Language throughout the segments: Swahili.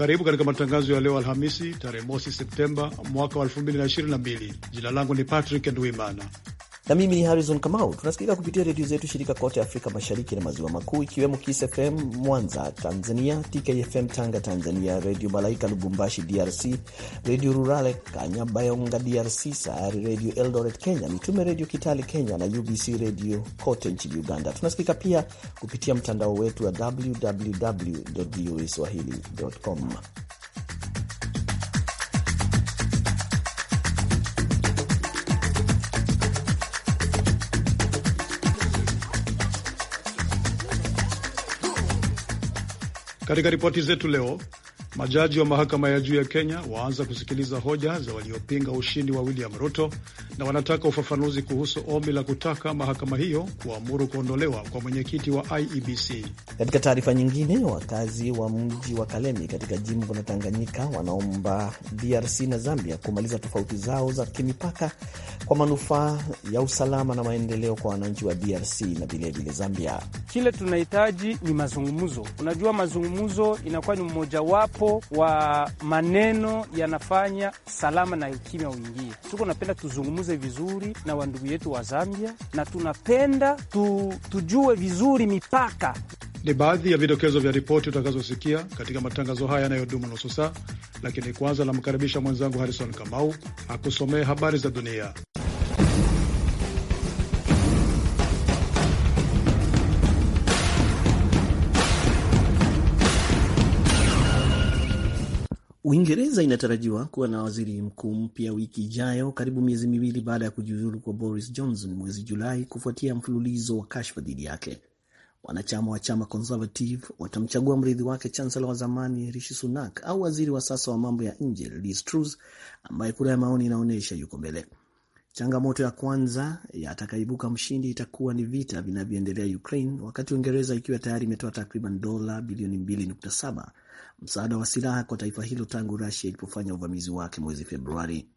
Karibu katika matangazo ya leo Alhamisi, tarehe mosi Septemba mwaka wa 2022. Jina langu ni Patrick Ndwimana na mimi ni Harrison Kamau. Tunasikika kupitia redio zetu shirika kote Afrika Mashariki na Maziwa Makuu, ikiwemo Kiss FM Mwanza Tanzania, TKFM Tanga Tanzania, Redio Malaika Lubumbashi DRC, Redio Rurale Kanyabayonga DRC, Sayari Redio Eldoret Kenya, Mitume Redio Kitale Kenya na UBC Redio kote nchini Uganda. Tunasikika pia kupitia mtandao wetu wa www voa swahili.com. Katika ripoti zetu leo, majaji wa mahakama ya juu ya Kenya waanza kusikiliza hoja za waliopinga ushindi wa William Ruto na wanataka ufafanuzi kuhusu ombi la kutaka mahakama hiyo kuamuru kuondolewa kwa mwenyekiti wa IEBC. Katika taarifa nyingine, wakazi wa mji wa Kalemi katika jimbo la Tanganyika wanaomba DRC na Zambia kumaliza tofauti zao za kimipaka kwa manufaa ya usalama na maendeleo kwa wananchi wa DRC na vilevile Zambia. Kile tunahitaji ni mazungumzo. Unajua, mazungumzo inakuwa ni mmojawapo wa maneno yanafanya salama na ukimya uingie. Tuko napenda tuzungumze tujifunze vizuri na wandugu yetu wa Zambia, na tunapenda tu, tujue vizuri mipaka. Ni baadhi ya vidokezo vya ripoti utakazosikia katika matangazo haya yanayodumu nusu saa, lakini kwanza namkaribisha mwenzangu Harrison Kamau akusomee habari za dunia. Uingereza inatarajiwa kuwa na waziri mkuu mpya wiki ijayo, karibu miezi miwili baada ya kujiuzulu kwa Boris Johnson mwezi Julai kufuatia mfululizo wa kashfa dhidi yake. Wanachama wa chama Conservative watamchagua mrithi wake chansela wa zamani Rishi Sunak au waziri wa sasa wa mambo ya nje Liz Truss, ambaye kura ya maoni inaonyesha yuko mbele. Changamoto ya kwanza ya mshindi itakuwa ni vita vinavyoendelea Ukraine, wakati Uingereza ikiwa tayari imetoa takriban dola bilioni 2.7 msaada wa silaha kwa taifa hilo tangu Rusia ilipofanya uvamizi wake mwezi Februari.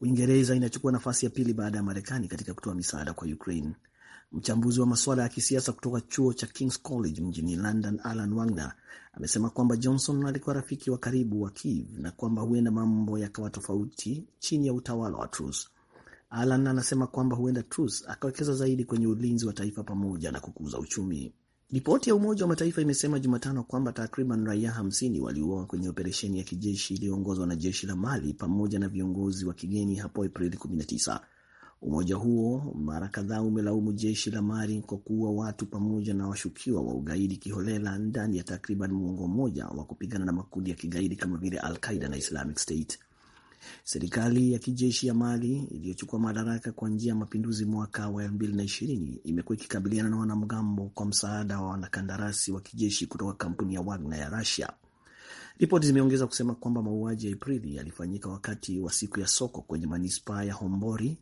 Uingereza inachukua nafasi ya pili baada ya Marekani katika kutoa misaada kwa Ukraine. Mchambuzi wa masuala ya kisiasa kutoka chuo cha King's College mjini London, Alan Wagner amesema kwamba Johnson alikuwa rafiki wa karibu wa Kiev na kwamba huenda mambo yakawa tofauti chini ya utawala wa Truss. Alan anasema kwamba huenda Truss akawekeza zaidi kwenye ulinzi wa taifa pamoja na kukuza uchumi. Ripoti ya Umoja wa Mataifa imesema Jumatano kwamba takriban raia 50 waliuawa kwenye operesheni ya kijeshi iliyoongozwa na jeshi la Mali pamoja na viongozi wa kigeni hapo Aprili 19. Umoja huo mara kadhaa umelaumu jeshi la Mali kwa kuua watu pamoja na washukiwa wa ugaidi kiholela ndani ya takriban muongo mmoja wa kupigana na makundi ya kigaidi kama vile Al Qaida na Islamic State. Serikali ya kijeshi ya Mali iliyochukua madaraka kwa njia ya mapinduzi mwaka wa 2020 imekuwa ikikabiliana na wanamgambo kwa msaada wa wanakandarasi wa kijeshi kutoka kampuni ya Wagner ya Russia. Ripoti zimeongeza kusema kwamba mauaji ya Aprili yalifanyika wakati wa siku ya soko kwenye manispaa ya Hombori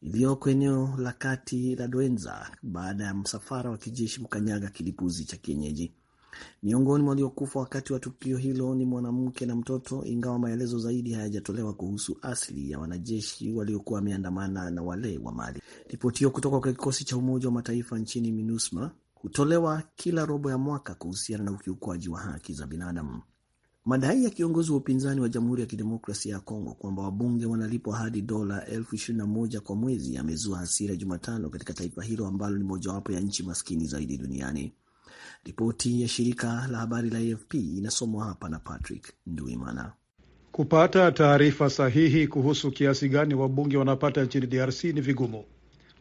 iliyoko eneo la kati la Doenza baada ya msafara wa kijeshi kukanyaga kilipuzi cha kienyeji. Miongoni mwa waliokufa wakati wa tukio hilo ni mwanamke na mtoto, ingawa maelezo zaidi hayajatolewa kuhusu asili ya wanajeshi waliokuwa wameandamana na wale wa Mali. Ripoti hiyo kutoka kwa kikosi cha Umoja wa Mataifa nchini MINUSMA hutolewa kila robo ya mwaka kuhusiana na ukiukwaji wa haki za binadamu. Madai ya kiongozi wa upinzani wa Jamhuri ya Kidemokrasia ya Kongo kwamba wabunge wanalipwa hadi dola elfu ishirini na moja kwa mwezi yamezua hasira Jumatano katika taifa hilo ambalo ni mojawapo ya nchi maskini zaidi duniani. Ripoti ya shirika la habari la AFP inasomwa hapa na Patrick Nduimana. Kupata taarifa sahihi kuhusu kiasi gani wabunge wanapata nchini DRC ni vigumu.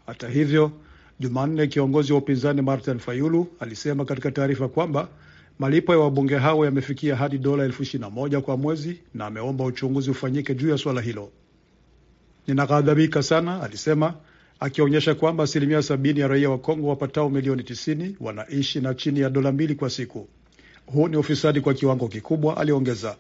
Hata hivyo, Jumanne kiongozi wa upinzani Martin Fayulu alisema katika taarifa kwamba malipo ya wabunge hao yamefikia hadi dola elfu ishirini na moja kwa mwezi na ameomba uchunguzi ufanyike juu ya swala hilo. Ninaghadhabika sana, alisema, akionyesha kwamba asilimia sabini ya raia wa Kongo wapatao milioni tisini wanaishi na chini ya dola mbili kwa siku. Huu ni ufisadi kwa kiwango kikubwa, aliongeza.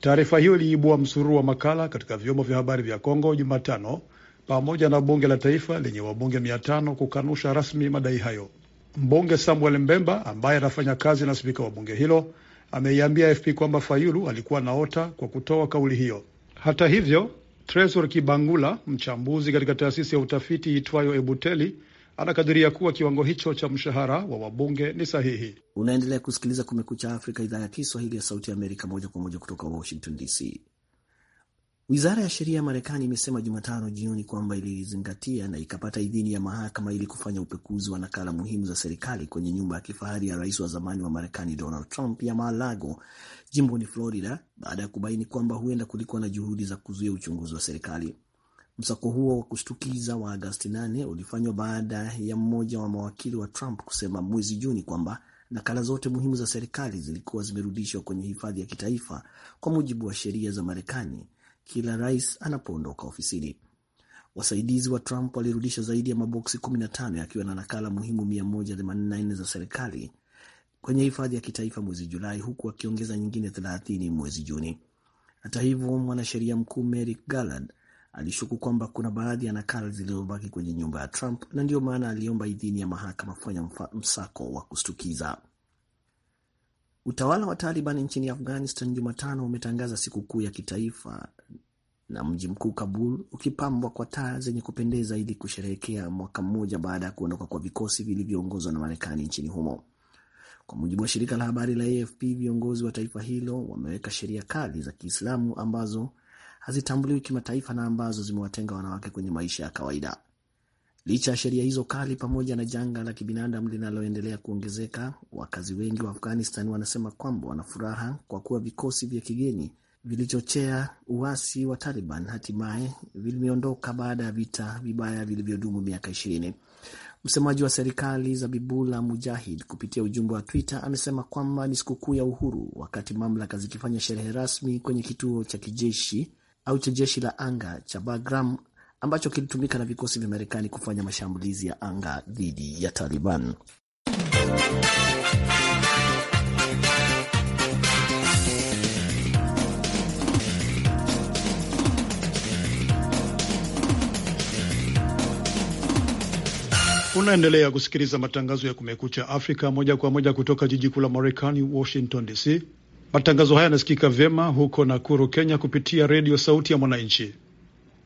Taarifa hiyo iliibua msururu wa makala katika vyombo vya habari vya Kongo Jumatano, pamoja na bunge la taifa lenye wabunge mia tano kukanusha rasmi madai hayo. Mbunge Samuel Mbemba ambaye anafanya kazi na spika wa bunge hilo ameiambia AFP kwamba Fayulu alikuwa naota kwa kutoa kauli hiyo. Hata hivyo, Tresor Kibangula, mchambuzi katika taasisi ya utafiti itwayo Ebuteli, anakadiria kuwa kiwango hicho cha mshahara wa wabunge ni sahihi. Unaendelea kusikiliza Kumekucha Afrika, idhaa ya Kiswahili ya Sauti ya Amerika, moja kwa moja kutoka Washington DC. Wizara ya sheria ya Marekani imesema Jumatano jioni kwamba ilizingatia na ikapata idhini ya mahakama ili kufanya upekuzi wa nakala muhimu za serikali kwenye nyumba ya kifahari ya rais wa zamani wa Marekani Donald Trump ya jimbo jimboni Florida baada ya kubaini kwamba huenda kulikuwa na juhudi za kuzuia uchunguzi wa serikali. Msako huo wa kushtukiza wa Agasti 8 ulifanywa baada ya mmoja wa mawakili wa Trump kusema mwezi Juni kwamba nakala zote muhimu za serikali zilikuwa zimerudishwa kwenye hifadhi ya kitaifa kwa mujibu wa sheria za Marekani kila rais anapoondoka ofisini. Wasaidizi wa Trump walirudisha zaidi ya maboksi 15 yakiwa na nakala muhimu 184 za serikali kwenye hifadhi ya kitaifa mwezi Julai, huku akiongeza nyingine 30 mwezi Juni. Hata hivyo, mwanasheria mkuu Merrick Garland alishuku kwamba kuna baadhi ya nakala zilizobaki kwenye nyumba ya Trump na ndiyo maana aliomba idhini ya mahakama kufanya msako wa kustukiza Utawala wa Taliban nchini Afghanistan Jumatano umetangaza sikukuu ya kitaifa na mji mkuu Kabul ukipambwa kwa taa zenye kupendeza ili kusherehekea mwaka mmoja baada ya kuondoka kwa vikosi vilivyoongozwa na Marekani nchini humo. Kwa mujibu wa shirika la habari la AFP, viongozi wa taifa hilo wameweka sheria kali za Kiislamu ambazo hazitambuliwi kimataifa na ambazo zimewatenga wanawake kwenye maisha ya kawaida. Licha ya sheria hizo kali pamoja na janga la kibinadamu linaloendelea kuongezeka, wakazi wengi wa Afghanistan wanasema kwamba wanafuraha kwa kuwa vikosi vya kigeni vilichochea uasi wa Taliban hatimaye vimeondoka baada ya vita vibaya vilivyodumu miaka ishirini. Msemaji wa serikali zabibula Mujahid kupitia ujumbe wa Twitter amesema kwamba ni sikukuu ya uhuru, wakati mamlaka zikifanya sherehe rasmi kwenye kituo cha kijeshi au cha jeshi la anga cha Bagram ambacho kilitumika na vikosi vya Marekani kufanya mashambulizi ya anga dhidi ya Taliban. Unaendelea kusikiliza matangazo ya Kumekucha Afrika moja kwa moja kutoka jiji kuu la Marekani, Washington DC. Matangazo haya yanasikika vyema huko Nakuru, Kenya, kupitia redio Sauti ya Mwananchi.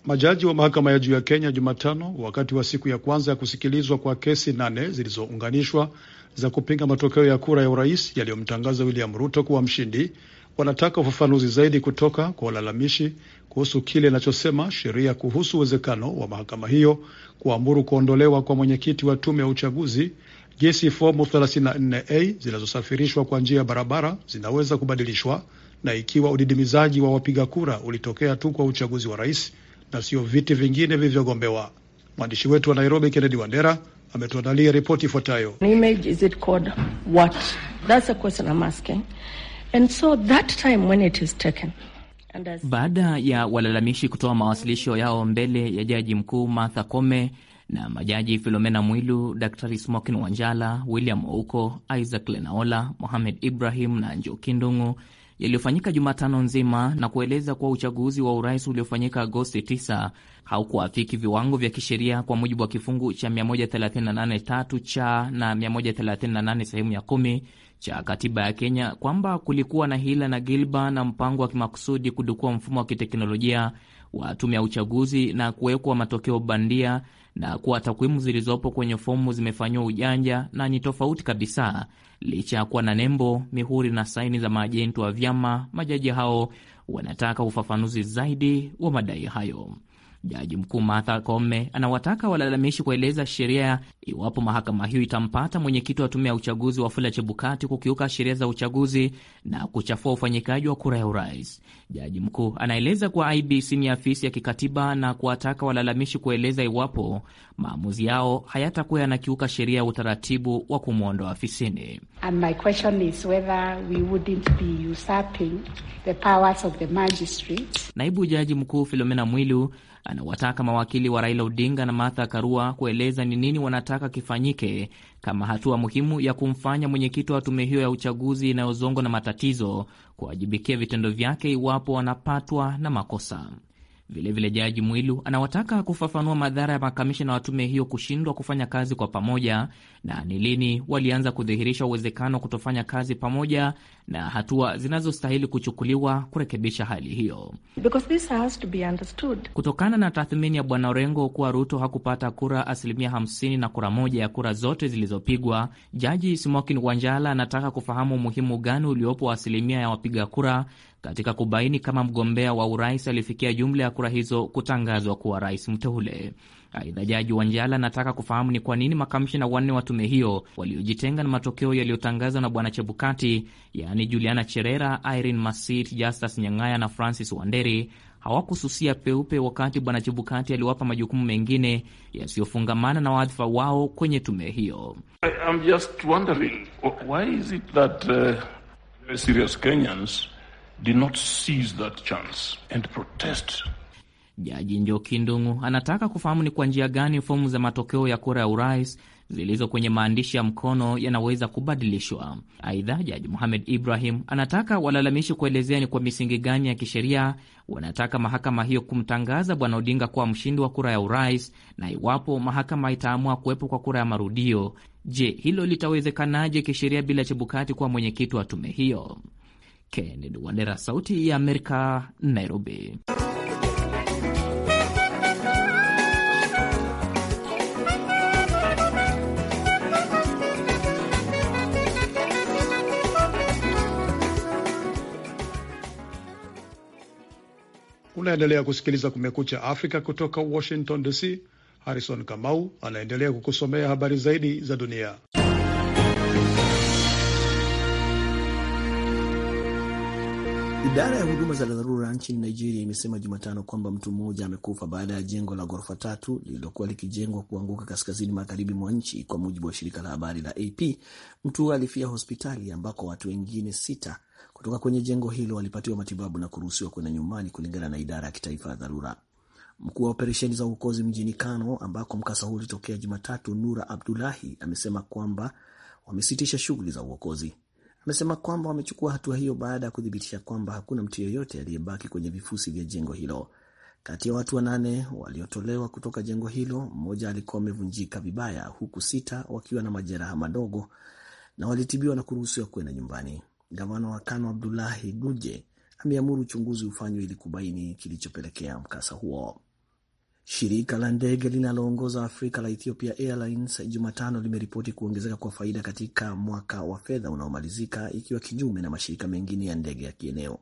Majaji wa mahakama ya juu ya Kenya Jumatano, wakati wa siku ya kwanza ya kusikilizwa kwa kesi nane zilizounganishwa za kupinga matokeo ya kura ya urais yaliyomtangaza William Ruto kuwa mshindi, wanataka ufafanuzi zaidi kutoka kwa walalamishi kuhusu kile inachosema sheria kuhusu uwezekano wa mahakama hiyo kuamuru kuondolewa kwa mwenyekiti wa tume ya uchaguzi, jinsi fomu 34A zinazosafirishwa kwa njia ya barabara zinaweza kubadilishwa na ikiwa udidimizaji wa wapiga kura ulitokea tu kwa uchaguzi wa rais na sio viti vingine vilivyogombewa. Mwandishi wetu wa Nairobi, Kennedy Wandera, ametuandalia ripoti ifuatayo. And so that time when it is taken, and as... Baada ya walalamishi kutoa mawasilisho yao mbele ya Jaji Mkuu Martha come na majaji Filomena Mwilu, Daktari Smokin Wanjala, William Ouko, Isaac Lenaola, Mohamed Ibrahim na Njoki Ndung'u yaliyofanyika Jumatano nzima na kueleza kuwa uchaguzi wa urais uliofanyika Agosti 9 haukuafiki viwango vya kisheria kwa mujibu wa kifungu cha 138 cha na 138 sehemu ya cha katiba ya Kenya kwamba kulikuwa na hila na gilba na mpango wa kimakusudi kudukua mfumo wa kiteknolojia wa tume ya uchaguzi na kuwekwa matokeo bandia na kuwa takwimu zilizopo kwenye fomu zimefanyiwa ujanja na ni tofauti kabisa, licha ya kuwa na nembo, mihuri na saini za maajenti wa vyama. Majaji hao wanataka ufafanuzi zaidi wa madai hayo. Jaji mkuu Martha Koome anawataka walalamishi kueleza sheria iwapo mahakama hiyo itampata mwenyekiti wa tume ya uchaguzi Wafula Chebukati kukiuka sheria za uchaguzi na kuchafua ufanyikaji wa kura ya urais. Jaji mkuu anaeleza kuwa ibc ni afisi ya kikatiba na kuwataka walalamishi kueleza iwapo maamuzi yao hayatakuwa yanakiuka sheria ya utaratibu wa kumwondoa afisini. Naibu jaji mkuu Filomena Mwilu anawataka mawakili wa Raila Odinga na Martha Karua kueleza ni nini wanataka kifanyike kama hatua muhimu ya kumfanya mwenyekiti wa tume hiyo ya uchaguzi inayozongwa na matatizo kuwajibikia vitendo vyake iwapo wanapatwa na makosa. Vilevile Jaji Mwilu anawataka kufafanua madhara ya makamishina wa tume hiyo kushindwa kufanya kazi kwa pamoja na ni lini walianza kudhihirisha uwezekano wa kutofanya kazi pamoja na hatua zinazostahili kuchukuliwa kurekebisha hali hiyo. Kutokana na tathmini ya Bwana Orengo kuwa Ruto hakupata kura asilimia 50 na kura moja ya kura zote zilizopigwa, Jaji Smokin Wanjala anataka kufahamu umuhimu gani uliopo wa asilimia ya wapiga kura katika kubaini kama mgombea wa urais alifikia jumla ya kura hizo kutangazwa kuwa rais mteule. Aidha, Jaji Wanjala anataka kufahamu ni kwa nini makamishina wanne wa tume hiyo waliojitenga na matokeo yaliyotangazwa na Bwana Chebukati, yaani Juliana Cherera, Irene Masit, Justus Nyang'aya na Francis Wanderi hawakususia peupe wakati Bwana Chebukati aliwapa majukumu mengine yasiyofungamana na wadhifa wao kwenye tume hiyo. I just wondering why is it that uh, serious Kenyans did not seize that chance and protest. Jaji Njoki Ndung'u anataka kufahamu ni kwa njia gani fomu za matokeo ya kura ya urais zilizo kwenye maandishi ya mkono yanaweza kubadilishwa. Aidha, Jaji muhamed Ibrahim anataka walalamishi kuelezea ni kwa misingi gani ya kisheria wanataka mahakama hiyo kumtangaza Bwana Odinga kuwa mshindi wa kura ya urais, na iwapo mahakama itaamua kuwepo kwa kura ya marudio, je, hilo litawezekanaje kisheria bila Chebukati kuwa mwenyekiti wa tume hiyo? Kennedy Wandera, Sauti ya Amerika, Nairobi. Unaendelea kusikiliza Kumekucha Afrika kutoka Washington DC. Harrison Kamau anaendelea kukusomea habari zaidi za dunia. Idara ya huduma za dharura nchini Nigeria imesema Jumatano kwamba mtu mmoja amekufa baada ya jengo la ghorofa tatu lililokuwa likijengwa kuanguka kaskazini magharibi mwa nchi, kwa mujibu wa shirika la habari la AP. Mtu huyo alifia hospitali ambako watu wengine sita kutoka kwenye jengo hilo walipatiwa matibabu na kuruhusiwa kwenda nyumbani, kulingana na idara ya kitaifa ya dharura. Mkuu wa operesheni za uokozi mjini Kano, ambako mkasa huo ulitokea Jumatatu, Nura Abdulahi amesema kwamba wamesitisha shughuli za uokozi amesema kwamba wamechukua hatua hiyo baada ya kuthibitisha kwamba hakuna mtu yeyote aliyebaki kwenye vifusi vya jengo hilo. Kati ya watu wanane waliotolewa kutoka jengo hilo, mmoja alikuwa amevunjika vibaya, huku sita wakiwa na majeraha madogo na walitibiwa na kuruhusiwa kwenda nyumbani. Gavana wa Kano Abdulahi Guje ameamuru uchunguzi ufanywe ili kubaini kilichopelekea mkasa huo. Shirika la ndege linaloongoza Afrika la Ethiopia Airlines Jumatano limeripoti kuongezeka kwa faida katika mwaka wa fedha unaomalizika, ikiwa kinyume na mashirika mengine ya ndege ya kieneo.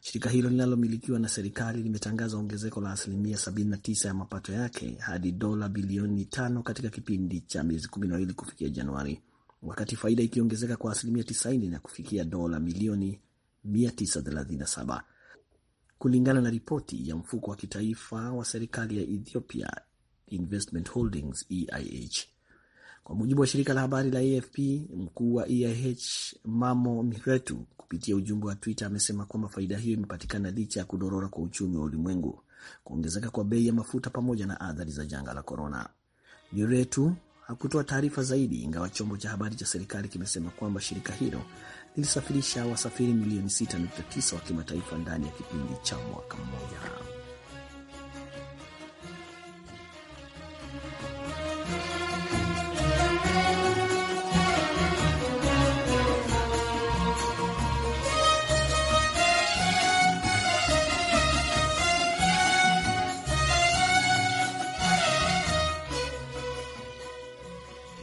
Shirika hilo linalomilikiwa na serikali limetangaza ongezeko la asilimia 79 ya mapato yake hadi dola bilioni tano katika kipindi cha miezi 12 kufikia Januari, wakati faida ikiongezeka kwa asilimia 90 na kufikia dola milioni 937 kulingana na ripoti ya mfuko wa kitaifa wa serikali ya Ethiopia Investment Holdings EIH. Kwa mujibu wa shirika la habari la AFP, mkuu wa EIH Mamo Miretu kupitia ujumbe wa Twitter amesema kwamba faida hiyo imepatikana licha ya kudorora kwa uchumi wa ulimwengu, kuongezeka kwa bei ya mafuta pamoja na athari za janga la korona. Miretu hakutoa taarifa zaidi, ingawa chombo cha habari cha serikali kimesema kwamba shirika hilo lilisafirisha wasafiri milioni 6.9 wa kimataifa ndani ya kipindi cha mwaka mmoja.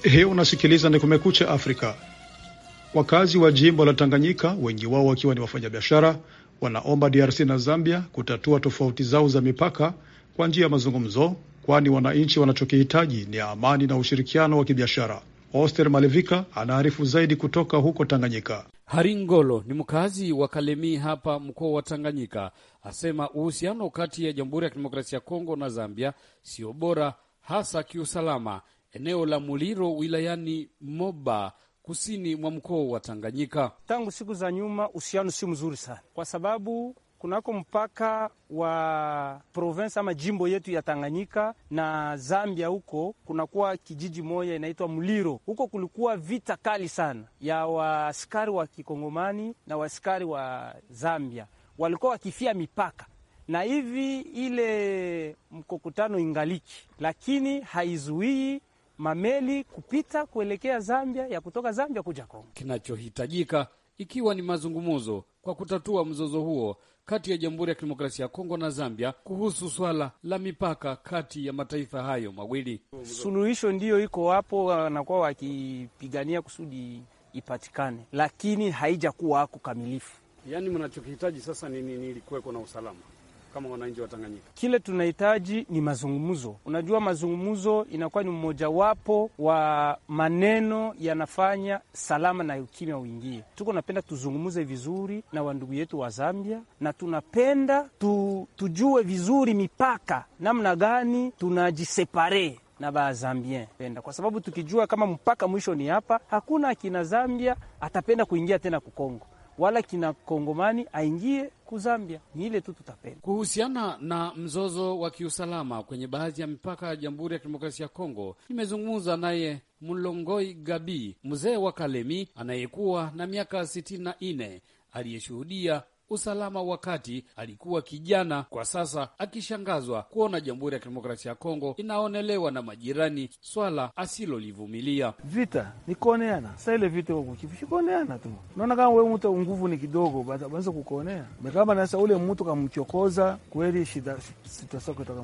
Hii unasikiliza ni Kumekucha Afrika. Wakazi wa jimbo la Tanganyika, wengi wao wakiwa ni wafanyabiashara, wanaomba DRC na Zambia kutatua tofauti zao za mipaka kwa njia ya mazungumzo, kwani wananchi wanachokihitaji ni amani na ushirikiano wa kibiashara. Oster Malevika anaarifu zaidi kutoka huko Tanganyika. Haringolo ni mkazi wa Kalemi hapa mkoa wa Tanganyika, asema uhusiano kati ya Jamhuri ya Kidemokrasia ya Kongo na Zambia sio bora, hasa kiusalama. Eneo la Muliro wilayani Moba kusini mwa mkoa wa Tanganyika. Tangu siku za nyuma uhusiano si mzuri sana, kwa sababu kunako mpaka wa provensi ama jimbo yetu ya Tanganyika na Zambia, huko kunakuwa kijiji moja inaitwa Muliro. Huko kulikuwa vita kali sana ya waskari wa kikongomani na waskari wa Zambia, walikuwa wakifia mipaka na hivi ile mkokotano ingaliki, lakini haizuii mameli kupita kuelekea Zambia ya kutoka Zambia kuja Kongo. Kinachohitajika ikiwa ni mazungumzo kwa kutatua mzozo huo kati ya Jamhuri ya Kidemokrasia ya Kongo na Zambia kuhusu swala la mipaka kati ya mataifa hayo mawili. Suluhisho ndiyo iko hapo, wanakuwa wakipigania kusudi ipatikane, lakini haijakuwa kukamilifu. Yaani mnachokihitaji sasa ni nini? Ilikuweko na usalama kama wananchi wa Tanganyika. Kile tunahitaji ni mazungumzo. Unajua, mazungumzo inakuwa ni mmojawapo wa maneno yanafanya salama na ukimya uingie. Tuko napenda tuzungumuze vizuri na wandugu yetu wa Zambia, na tunapenda tu, tujue vizuri mipaka namna gani tunajisepare na Bazambien penda kwa sababu tukijua kama mpaka mwisho ni hapa, hakuna akina Zambia atapenda kuingia tena kukongo wala kina kongomani aingie Zambia. ni ile tu tutapenda. Kuhusiana na mzozo wa kiusalama kwenye baadhi ya mipaka ya Jamhuri ya Kidemokrasia ya Kongo, nimezungumza naye Mlongoi Gabi, mzee wa Kalemi anayekuwa na miaka sitini na nne aliyeshuhudia usalama wakati alikuwa kijana. Kwa sasa akishangazwa kuona Jamhuri ya Kidemokrasia ya Kongo inaonelewa na majirani, swala asilolivumilia. Vita ni kuoneana, sa ile vita shikuoneana tu. Naona kama we mtu nguvu ni kidogo, baza kukuonea mekamba nasa ule mtu kamchokoza kweli, shida sitasa kutoka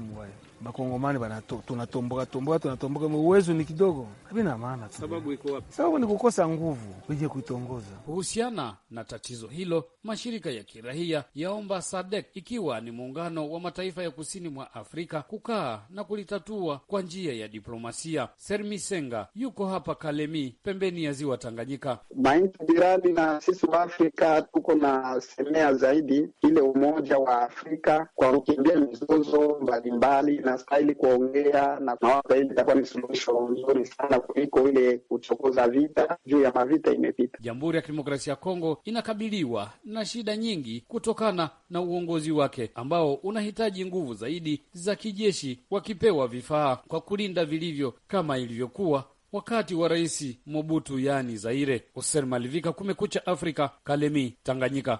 Bakongomani tunatomboka tomboka tunatomboka, uwezo ni kidogo, havina maana. Sababu iko wapi? Sababu ni kukosa nguvu wenye kuitongoza. Kuhusiana na tatizo hilo, mashirika ya kirahia yaomba SADEK, ikiwa ni muungano wa mataifa ya kusini mwa Afrika, kukaa na kulitatua kwa njia ya diplomasia. Sermisenga yuko hapa Kalemi, pembeni ya ziwa Tanganyika. Mainchi jirani na sisi wa Afrika tuko na semea zaidi ile umoja wa Afrika kwa kukimbia mizozo mbalimbali inastahili kuongea na kuwapa, ili itakuwa ni suluhisho nzuri sana kuliko ile kuchokoza vita juu ya mavita imepita. Jamhuri ya Kidemokrasia ya Kongo inakabiliwa na shida nyingi kutokana na uongozi wake ambao unahitaji nguvu zaidi za kijeshi, wakipewa vifaa kwa kulinda vilivyo kama ilivyokuwa wakati wa Rais Mobutu yani Zaire. Hosen Malivika, Kumekucha Afrika, Kalemi, Tanganyika.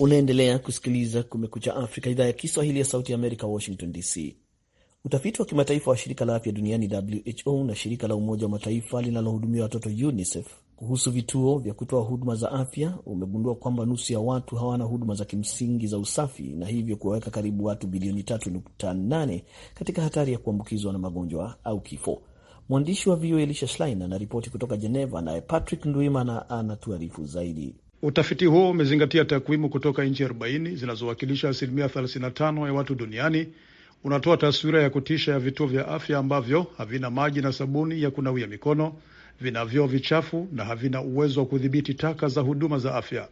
Unaendelea kusikiliza Kumekucha Afrika, idhaa ya Kiswahili ya Sauti ya Amerika, Washington DC. Utafiti wa kimataifa wa shirika la afya duniani WHO na shirika la Umoja wa Mataifa linalohudumia watoto UNICEF kuhusu vituo vya kutoa huduma za afya umegundua kwamba nusu ya watu hawana huduma za kimsingi za usafi na hivyo kuwaweka karibu watu bilioni 3.8 katika hatari ya kuambukizwa na magonjwa au kifo. Mwandishi wa VOA Elisha Schlein anaripoti kutoka Jeneva, naye Patrick Ndwimana anatuarifu zaidi. Utafiti huo umezingatia takwimu kutoka nchi 40 zinazowakilisha asilimia 35 ya watu duniani. Unatoa taswira ya kutisha ya vituo vya afya ambavyo havina maji na sabuni ya kunawia mikono, vina vyoo vichafu na havina uwezo wa kudhibiti taka za huduma za afya.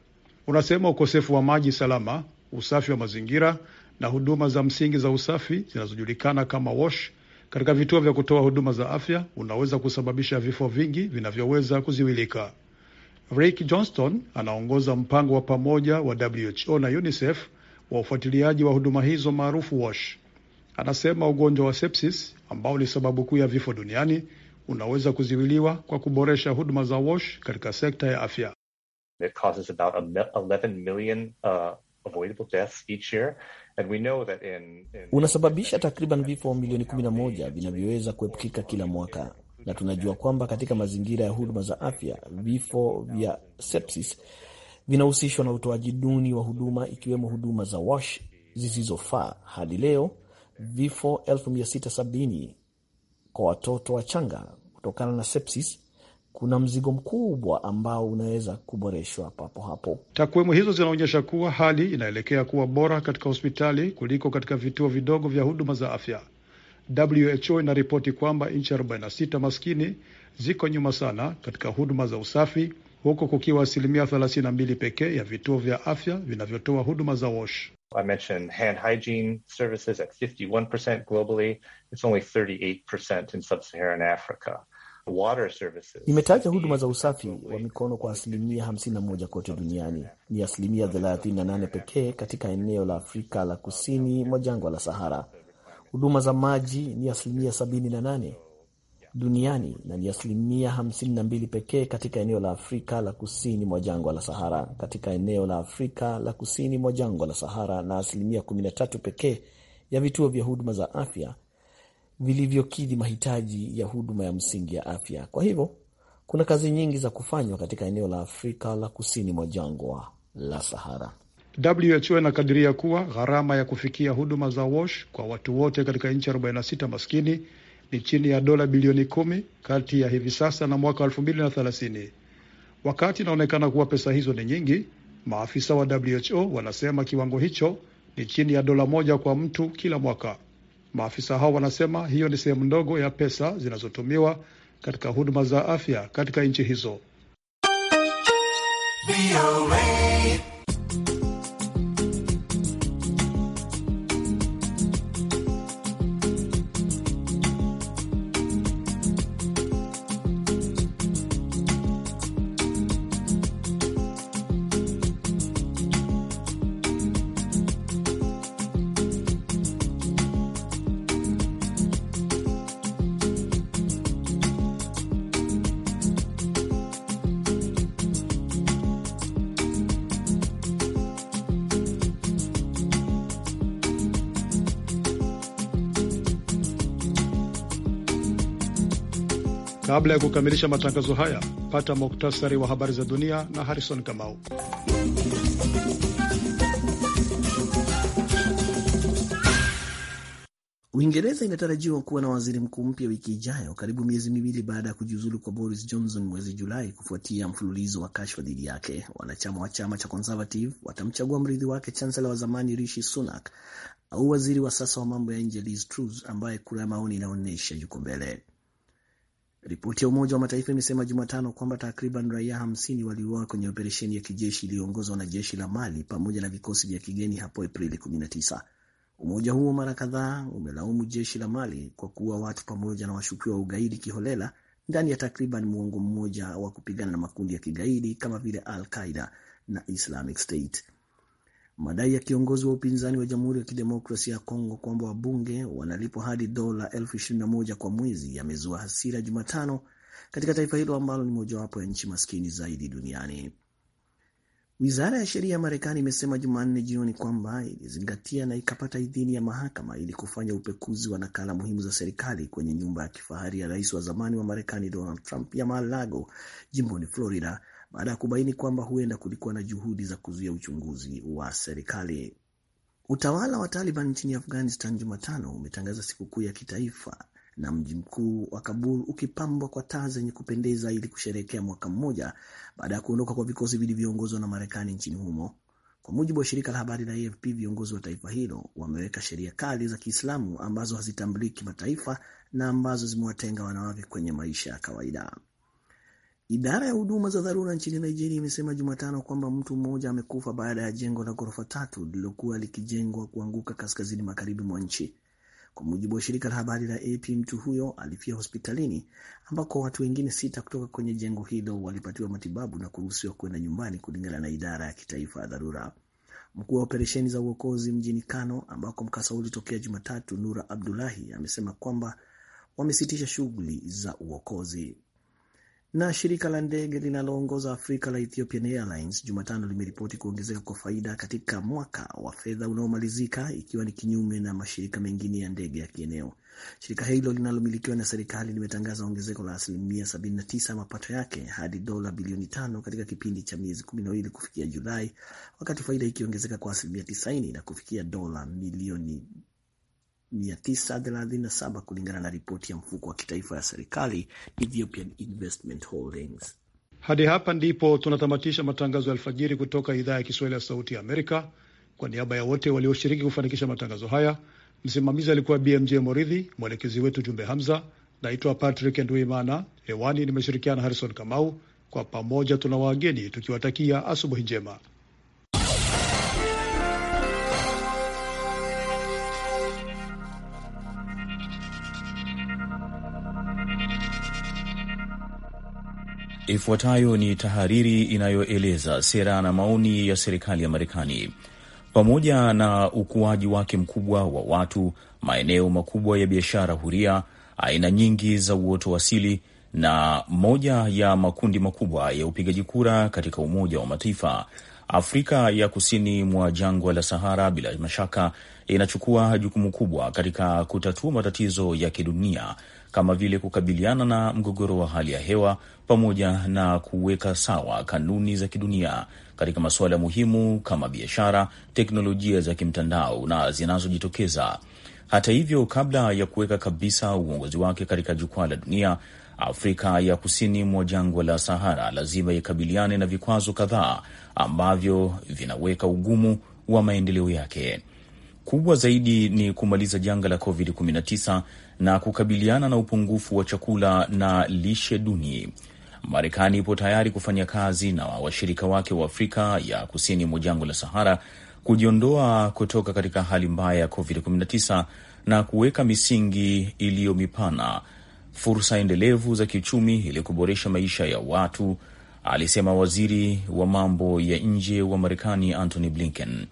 Unasema ukosefu wa maji salama, usafi wa mazingira na huduma za msingi za usafi zinazojulikana kama wash katika vituo vya kutoa huduma za afya unaweza kusababisha vifo vingi vinavyoweza kuziwilika. Rick Johnston anaongoza mpango wa pamoja wa WHO na UNICEF wa ufuatiliaji wa huduma hizo maarufu WASH. Anasema ugonjwa wa sepsis ambao ni sababu kuu ya vifo duniani unaweza kuziwiliwa kwa kuboresha huduma za WASH katika sekta ya afya. It causes about 11 million, uh, avoidable deaths each year. And we know that in, in... unasababisha takriban vifo milioni 11 vinavyoweza kuepukika kila mwaka na tunajua kwamba katika mazingira ya huduma za afya vifo vya sepsis vinahusishwa na utoaji duni wa huduma ikiwemo huduma za wash zisizofaa. Hadi leo vifo 670 kwa watoto wachanga kutokana na sepsis. Kuna mzigo mkubwa ambao unaweza kuboreshwa papo hapo. Takwimu hizo zinaonyesha kuwa hali inaelekea kuwa bora katika hospitali kuliko katika vituo vidogo vya huduma za afya. WHO inaripoti kwamba nchi 46 maskini ziko nyuma sana katika huduma za usafi, huku kukiwa asilimia 32 pekee ya vituo vya afya vinavyotoa huduma za wash. I mentioned hand hygiene services at 51% globally. It's only 38% in sub-Saharan Africa. Water services. Nimetaja huduma za usafi wa mikono kwa asilimia 51 kote duniani. Ni asilimia 38 pekee katika eneo la Afrika la kusini mwa jangwa la Sahara. Huduma za maji ni asilimia 78 duniani na ni asilimia 52 pekee katika eneo la Afrika la kusini mwa jangwa la Sahara katika eneo la Afrika la kusini mwa jangwa la Sahara na asilimia 13 pekee ya vituo vya huduma za afya vilivyokidhi mahitaji ya huduma ya msingi ya afya. Kwa hivyo kuna kazi nyingi za kufanywa katika eneo la Afrika la kusini mwa jangwa la Sahara. WHO inakadiria kuwa gharama ya kufikia huduma za WASH kwa watu wote katika nchi 46 maskini ni chini ya dola bilioni kumi kati ya hivi sasa na mwaka 2030. Wakati inaonekana kuwa pesa hizo ni nyingi, maafisa wa WHO wanasema kiwango hicho ni chini ya dola moja kwa mtu kila mwaka. Maafisa hao wanasema hiyo ni sehemu ndogo ya pesa zinazotumiwa katika huduma za afya katika nchi hizo. Kabla ya kukamilisha matangazo haya, pata muktasari wa habari za dunia na Harrison Kamau. Uingereza inatarajiwa kuwa na waziri mkuu mpya wiki ijayo, karibu miezi miwili baada ya kujiuzulu kwa Boris Johnson mwezi Julai kufuatia mfululizo wa kashfa dhidi yake. Wanachama wa chama cha Conservative watamchagua mrithi wake chansela wa zamani Rishi Sunak au waziri wa sasa wa mambo ya nje Liz Truss, ambaye kura ya maoni inaonyesha yuko mbele. Ripoti ya Umoja wa Mataifa imesema Jumatano kwamba takriban raia hamsini waliuawa kwenye operesheni ya kijeshi iliyoongozwa na jeshi la Mali pamoja na vikosi vya kigeni hapo Aprili 19. Umoja huo mara kadhaa umelaumu jeshi la Mali kwa kuua watu pamoja na washukiwa wa ugaidi kiholela ndani ya takriban muongo mmoja wa kupigana na makundi ya kigaidi kama vile Al Qaida na Islamic State madai ya kiongozi wa upinzani wa Jamhuri ya Kidemokrasia ya Kongo kwamba wabunge wanalipwa hadi dola elfu ishirini na moja kwa mwezi yamezua hasira Jumatano katika taifa hilo ambalo ni mojawapo ya nchi maskini zaidi duniani. Wizara ya sheria ya Marekani imesema Jumanne jioni kwamba ilizingatia na ikapata idhini ya mahakama ili kufanya upekuzi wa nakala muhimu za serikali kwenye nyumba ya kifahari ya rais wa zamani wa Marekani Donald Trump ya Mar-a-Lago jimboni Florida, baada ya kubaini kwamba huenda kulikuwa na juhudi za kuzuia uchunguzi wa serikali. Utawala wa Taliban nchini Afghanistan Jumatano umetangaza sikukuu ya kitaifa na mji mkuu wa Kabul ukipambwa kwa taa zenye kupendeza ili kusherehekea mwaka mmoja baada ya kuondoka kwa vikosi vilivyoongozwa na Marekani nchini humo. Kwa mujibu wa shirika la habari la AFP, viongozi wa taifa hilo wameweka sheria kali za Kiislamu ambazo hazitambuliki kimataifa na ambazo zimewatenga wanawake kwenye maisha ya kawaida. Idara ya huduma za dharura nchini Nigeria imesema Jumatano kwamba mtu mmoja amekufa baada ya jengo la ghorofa tatu lililokuwa likijengwa kuanguka kaskazini magharibi mwa nchi. Kwa mujibu wa shirika la habari la AP, mtu huyo alifia hospitalini ambako watu wengine sita kutoka kwenye jengo hilo walipatiwa matibabu na kuruhusiwa kwenda nyumbani, kulingana na idara ya kitaifa ya dharura. Mkuu wa operesheni za uokozi mjini Kano, ambako mkasa ulitokea Jumatatu, Nura Abdulahi amesema kwamba wamesitisha shughuli za uokozi. Na shirika la ndege linaloongoza Afrika la Ethiopian Airlines Jumatano limeripoti kuongezeka kwa faida katika mwaka wa fedha unaomalizika, ikiwa ni kinyume na mashirika mengine ya ndege ya kieneo. Shirika hilo linalomilikiwa na serikali limetangaza ongezeko la asilimia 79 mapato yake hadi dola bilioni tano katika kipindi cha miezi 12 kufikia Julai, wakati faida ikiongezeka kwa asilimia 90 na kufikia dola milioni 937 kulingana na ripoti ya mfuko wa kitaifa ya serikali Ethiopian Investment Holdings. Hadi hapa ndipo tunatamatisha matangazo ya alfajiri kutoka idhaa ya Kiswahili ya Sauti ya Amerika. Kwa niaba ya wote walioshiriki kufanikisha matangazo haya, msimamizi alikuwa BMJ Moridhi, mwelekezi wetu Jumbe Hamza. Naitwa Patrick Ndwimana, hewani nimeshirikiana Harrison Kamau. Kwa pamoja tuna wageni tukiwatakia asubuhi njema. Ifuatayo ni tahariri inayoeleza sera na maoni ya serikali ya Marekani. Pamoja na ukuaji wake mkubwa wa watu, maeneo makubwa ya biashara huria, aina nyingi za uoto wa asili na moja ya makundi makubwa ya upigaji kura katika Umoja wa Mataifa, Afrika ya kusini mwa jangwa la Sahara bila mashaka inachukua jukumu kubwa katika kutatua matatizo ya kidunia kama vile kukabiliana na mgogoro wa hali ya hewa pamoja na kuweka sawa kanuni za kidunia katika masuala muhimu kama biashara, teknolojia za kimtandao na zinazojitokeza. Hata hivyo, kabla ya kuweka kabisa uongozi wake katika jukwaa la dunia, Afrika ya kusini mwa jangwa la Sahara lazima ikabiliane na vikwazo kadhaa ambavyo vinaweka ugumu wa maendeleo yake kubwa zaidi ni kumaliza janga la COVID-19 na kukabiliana na upungufu wa chakula na lishe duni. Marekani ipo tayari kufanya kazi na washirika wake wa Afrika ya kusini mwa jangwa la Sahara kujiondoa kutoka katika hali mbaya ya COVID-19 na kuweka misingi iliyo mipana, fursa endelevu za kiuchumi ili kuboresha maisha ya watu, alisema waziri wa mambo ya nje wa Marekani Antony Blinken.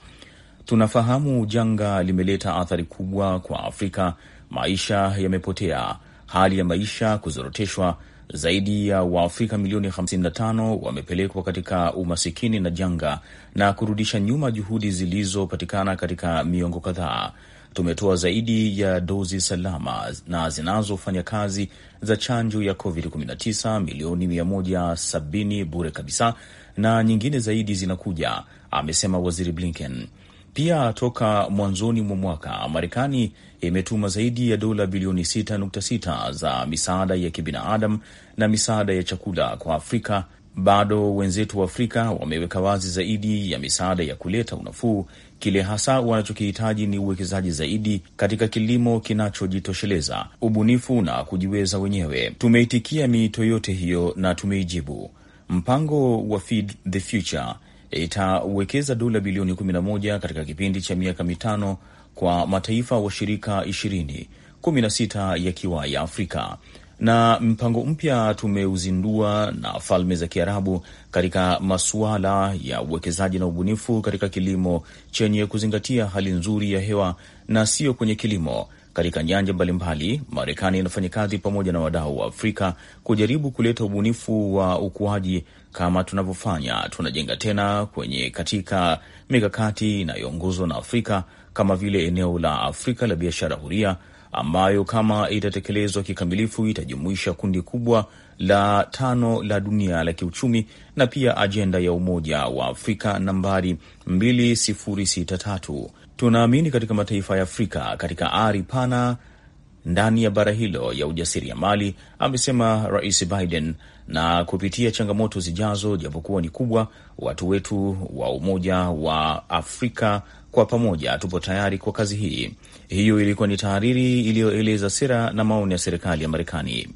Tunafahamu janga limeleta athari kubwa kwa Afrika, maisha yamepotea, hali ya maisha kuzoroteshwa. Zaidi ya Waafrika milioni 55 wamepelekwa katika umasikini na janga na kurudisha nyuma juhudi zilizopatikana katika miongo kadhaa. Tumetoa zaidi ya dozi salama na zinazofanya kazi za chanjo ya COVID-19 milioni 170 bure kabisa na nyingine zaidi zinakuja, amesema Waziri Blinken. Pia toka mwanzoni mwa mwaka Marekani imetuma zaidi ya dola bilioni 6.6 za misaada ya kibinadamu na misaada ya chakula kwa Afrika. Bado wenzetu wa Afrika wameweka wazi zaidi ya misaada ya kuleta unafuu. Kile hasa wanachokihitaji ni uwekezaji zaidi katika kilimo kinachojitosheleza, ubunifu na kujiweza wenyewe. Tumeitikia miito yote hiyo na tumeijibu. Mpango wa Feed the Future itawekeza dola bilioni 11 katika kipindi cha miaka mitano kwa mataifa washirika ishirini, kumi na sita yakiwa ya Afrika na mpango mpya tumeuzindua na Falme za Kiarabu katika masuala ya uwekezaji na ubunifu katika kilimo chenye kuzingatia hali nzuri ya hewa na sio kwenye kilimo katika nyanja mbalimbali, Marekani inafanya kazi pamoja na wadau wa Afrika kujaribu kuleta ubunifu wa ukuaji. Kama tunavyofanya tunajenga tena kwenye katika mikakati inayoongozwa na Afrika kama vile eneo la Afrika la biashara huria ambayo kama itatekelezwa kikamilifu itajumuisha kundi kubwa la tano la dunia la kiuchumi na pia ajenda ya Umoja wa Afrika nambari 2063 Tunaamini katika mataifa ya Afrika katika ari pana ndani ya bara hilo ya ujasiriamali, amesema Rais Biden. Na kupitia changamoto zijazo, japokuwa ni kubwa, watu wetu wa Umoja wa Afrika kwa pamoja tupo tayari kwa kazi hii. Hiyo ilikuwa ni tahariri iliyoeleza sera na maoni ya serikali ya Marekani.